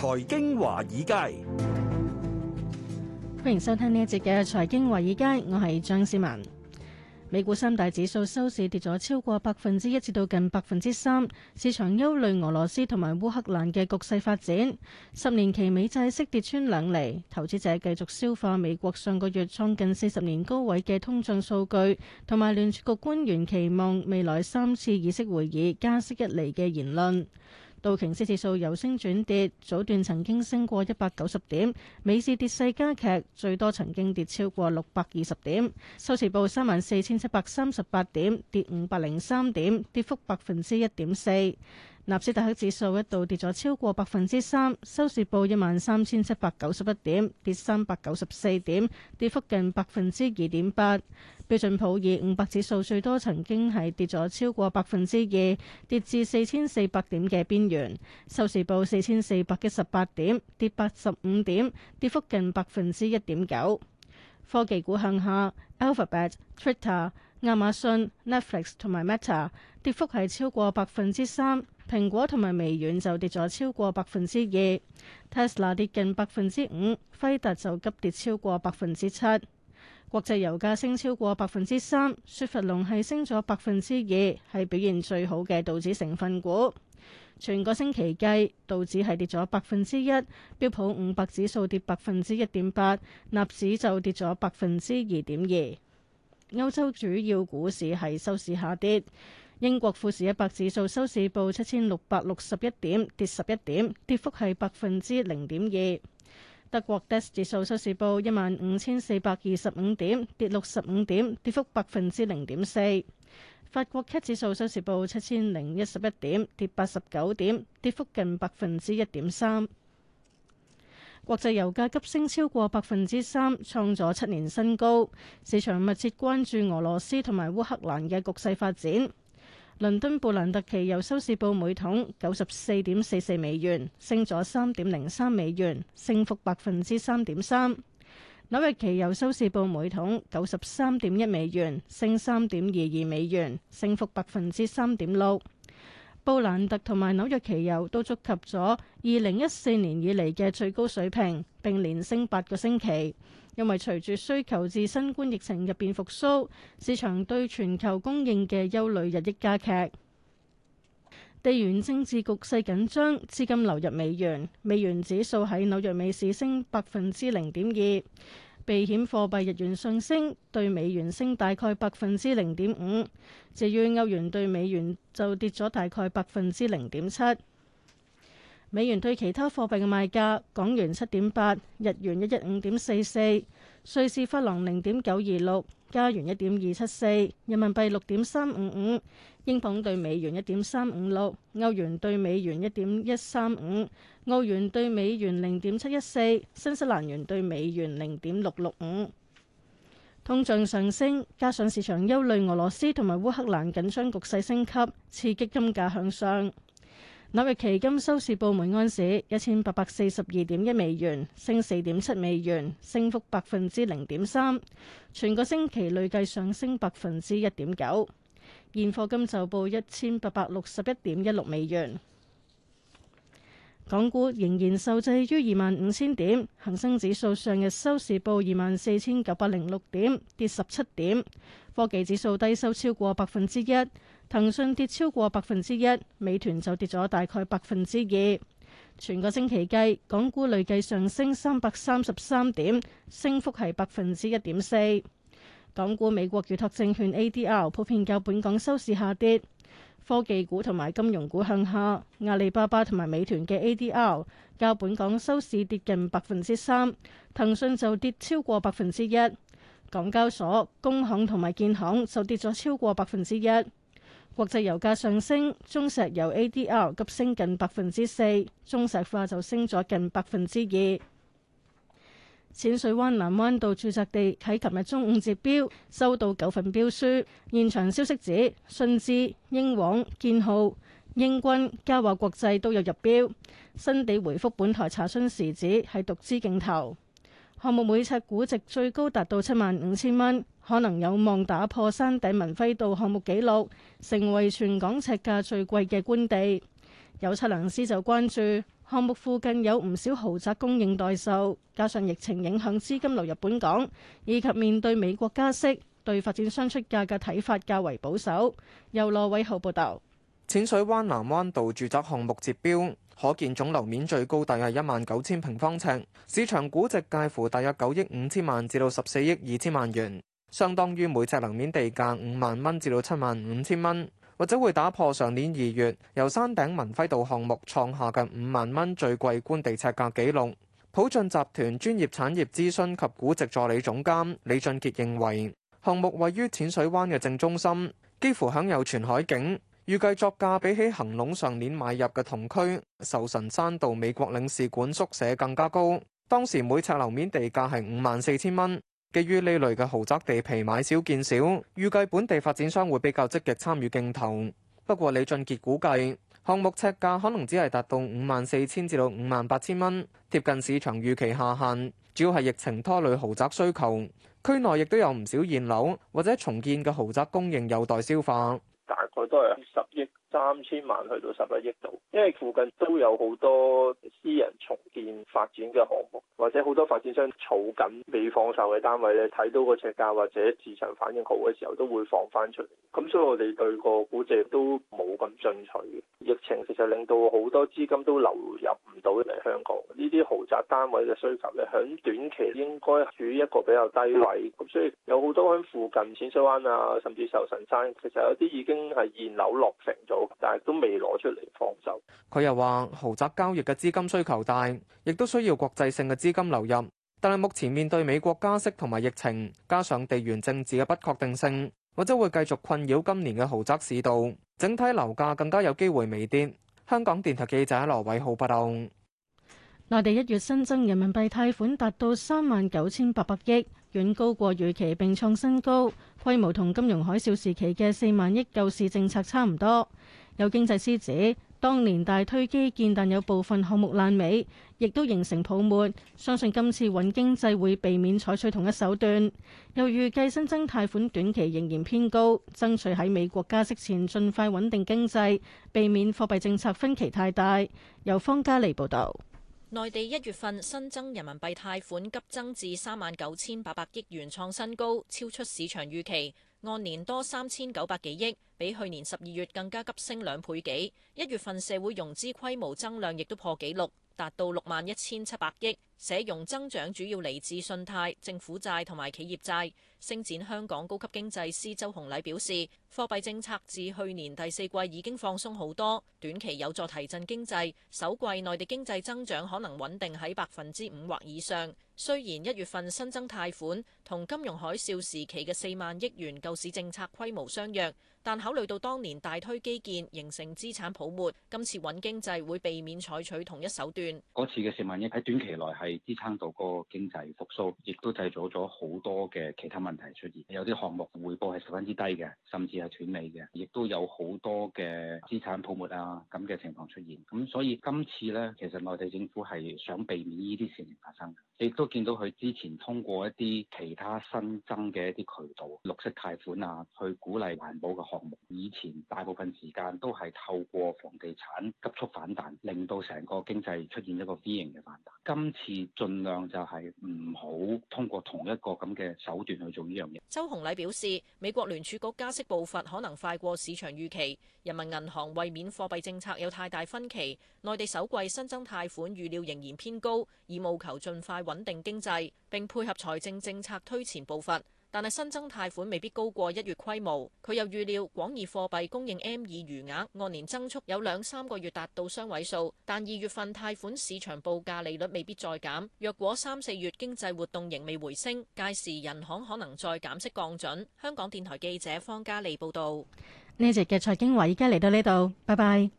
財經華爾街，歡迎收聽呢一節嘅財經華爾街，我係張思文。美股三大指數收市跌咗超過百分之一，至到近百分之三，市場憂慮俄羅斯同埋烏克蘭嘅局勢發展。十年期美債息跌穿兩厘，投資者繼續消化美國上個月創近四十年高位嘅通脹數據，同埋聯儲局官員期望未來三次議息會議加息一厘嘅言論。道瓊斯指數由升轉跌，早段曾經升過一百九十點，尾市跌勢加劇，最多曾經跌超過六百二十點。收市報三萬四千七百三十八點，跌五百零三點，跌幅百分之一點四。納斯達克指數一度跌咗超過百分之三，收市報一萬三千七百九十一點，跌三百九十四點，跌幅近百分之二點八。標準普爾五百指數最多曾經係跌咗超過百分之二，跌至四千四百點嘅邊緣，收市報四千四百一十八點，跌八十五點，跌幅近百分之一點九。科技股向下，Alphabet、Alphabet、Twitter。亞馬遜、Netflix 同埋 Meta 跌幅係超過百分之三，蘋果同埋微軟就跌咗超過百分之二，Tesla 跌近百分之五，輝達就急跌超過百分之七。國際油價升超過百分之三，雪佛龍係升咗百分之二，係表現最好嘅道指成分股。全個星期計，道指係跌咗百分之一，標普五百指數跌百分之一點八，納指就跌咗百分之二點二。歐洲主要股市係收市下跌，英國富時一百指數收市報七千六百六十一點，跌十一點，跌幅係百分之零點二。德國 DAX 指數收市報一萬五千四百二十五點，跌六十五點，跌幅百分之零點四。法國 CAC 指數收市報七千零一十一點，跌八十九點，跌幅近百分之一點三。國際油價急升超過百分之三，創咗七年新高。市場密切關注俄羅斯同埋烏克蘭嘅局勢發展。倫敦布蘭特期油收市報每桶九十四點四四美元，升咗三點零三美元，升幅百分之三點三。紐約期油收市報每桶九十三點一美元，升三點二二美元，升幅百分之三點六。布蘭特同埋紐約期油都觸及咗二零一四年以嚟嘅最高水平，並連升八個星期。因為隨住需求至新冠疫情入邊復蘇，市場對全球供應嘅憂慮日益加劇。地緣政治局勢緊張，資金流入美元，美元指數喺紐約美市升百分之零點二。避險貨幣日元上升，對美元升大概百分之零點五；至於歐元對美元就跌咗大概百分之零點七。美元對其他貨幣嘅賣價：港元七點八，日元一一五點四四，瑞士法郎零點九二六，加元一點二七四，人民幣六點三五五。英鎊兌美元一點三五六，歐元兌美元一點一三五，澳元兌美元零點七一四，新西蘭元兌美元零點六六五。通脹上升，加上市場憂慮俄羅斯同埋烏克蘭緊張局勢升級，刺激金價向上。紐約期金收市報每安士一千八百四十二點一美元，升四點七美元，升幅百分之零點三，全個星期累計上升百分之一點九。現貨金就報一千八百六十一點一六美元，港股仍然受制於二萬五千點，恒生指數上日收市報二萬四千九百零六點，跌十七點，科技指數低收超過百分之一，騰訊跌超過百分之一，美團就跌咗大概百分之二，全個星期計，港股累計上升三百三十三點，升幅係百分之一點四。港股美國預託證券 ADR 普遍較本港收市下跌，科技股同埋金融股向下。阿里巴巴同埋美團嘅 ADR 較本港收市跌近百分之三，騰訊就跌超過百分之一。港交所、工行同埋建行就跌咗超過百分之一。國際油價上升，中石油 ADR 急升近百分之四，中石化就升咗近百分之二。淺水灣南灣道住宅地喺琴日中午接標，收到九份標書。現場消息指，信置、英皇、建浩、鷹君、嘉華國際都有入標。新地回覆本台查詢時指，係獨資競投。項目每尺估值最高達到七萬五千蚊，可能有望打破山頂文輝道項目紀錄，成為全港尺價最貴嘅官地。有測量師就關注。項目附近有唔少豪宅供應待售，加上疫情影響資金流入本港，以及面對美國加息，對發展商出價嘅睇法較為保守。由羅偉浩報導，淺水灣南灣道住宅項目接標，可建總樓面最高大約一萬九千平方呎，市場估值介乎大約九億五千萬至到十四億二千萬元，相當於每隻樓面地價五萬蚊至到七萬五千蚊。或者會打破上年二月由山頂文輝道項目創下近五萬蚊最貴官地尺價紀錄。普進集團專業產業諮詢及估值助理總監李俊傑認為，項目位於淺水灣嘅正中心，幾乎享有全海景，預計作價比起恒隆上年買入嘅同區壽神山道美國領事館宿舍更加高，當時每尺樓面地價係五萬四千蚊。基於呢類嘅豪宅地皮買少見少，預計本地發展商會比較積極參與競投。不過李俊傑估計，項目尺價可能只係達到五萬四千至到五萬八千蚊，貼近市場預期下限。主要係疫情拖累豪宅需求，區內亦都有唔少現樓或者重建嘅豪宅供應有待消化。我都係十億三千萬去到十一億度，因為附近都有好多私人重建發展嘅項目，或者好多發展商儲緊未放售嘅單位咧，睇到個尺價或者市場反應好嘅時候，都會放翻出嚟。咁所以我哋對個估值都冇咁進取。疫情其實令到好多資金都流入到嚟香港呢啲豪宅單位嘅需求咧，響短期應該處於一個比較低位，咁所以有好多喺附近淺水灣啊，甚至壽臣山，其實有啲已經係現樓落成咗，但係都未攞出嚟放手。佢又話，豪宅交易嘅資金需求大，亦都需要國際性嘅資金流入，但係目前面對美國加息同埋疫情，加上地緣政治嘅不確定性，或者會繼續困擾今年嘅豪宅市道，整體樓價更加有機會微跌。香港電台記者羅偉浩報道：內地一月新增人民幣貸款達到三萬九千八百億，遠高過預期，並創新高，規模同金融海嘯時期嘅四萬億救市政策差唔多。有經濟師指，當年大推基建，但有部分項目爛尾，亦都形成泡沫。相信今次穩經濟會避免採取同一手段，又預計新增貸款短期仍然偏高，爭取喺美國加息前盡快穩定經濟，避免貨幣政策分歧太大。由方嘉利報導，內地一月份新增人民幣貸款急增至三萬九千八百億元，創新高，超出市場預期。按年多三千九百幾億，比去年十二月更加急升兩倍幾。一月份社會融資規模增量亦都破紀錄。達到六萬一千七百億，社融增長主要嚟自信貸、政府債同埋企業債。星展香港高級經濟師周洪禮表示，貨幣政策自去年第四季已經放鬆好多，短期有助提振經濟。首季內地經濟增長可能穩定喺百分之五或以上。雖然一月份新增貸款同金融海嘯時期嘅四萬億元救市政策規模相若。但考慮到當年大推基建形成資產泡沫，今次穩經濟會避免採取同一手段。嗰次嘅四萬億喺短期內係支撐到嗰個經濟復蘇，亦都製造咗好多嘅其他問題出現，有啲項目回報係十分之低嘅，甚至係斷尾嘅，亦都有好多嘅資產泡沫啊咁嘅情況出現，咁所以今次咧，其實內地政府係想避免呢啲事情發生。亦都見到佢之前通過一啲其他新增嘅一啲渠道，綠色貸款啊，去鼓勵環保嘅。項目，以前大部分時間都係透過房地產急速反彈，令到成個經濟出現一個 V 型嘅反彈，今次盡量就係唔好通過同一個咁嘅手段去做呢樣嘢。周鴻禮表示，美國聯儲局加息步伐可能快過市場預期，人民銀行為免貨幣政策有太大分歧，內地首季新增貸款預料仍然偏高，而務求盡快穩定經濟，並配合財政政策推前步伐。但係新增貸款未必高過一月規模，佢又預料廣義貨幣供應 M2 餘額按年增速有兩三個月達到雙位數，但二月份貸款市場報價利率未必再減。若果三四月經濟活動仍未回升，屆時人行可能再減息降準。香港電台記者方嘉利報道。呢節嘅財經華爾街而家嚟到呢度，拜拜。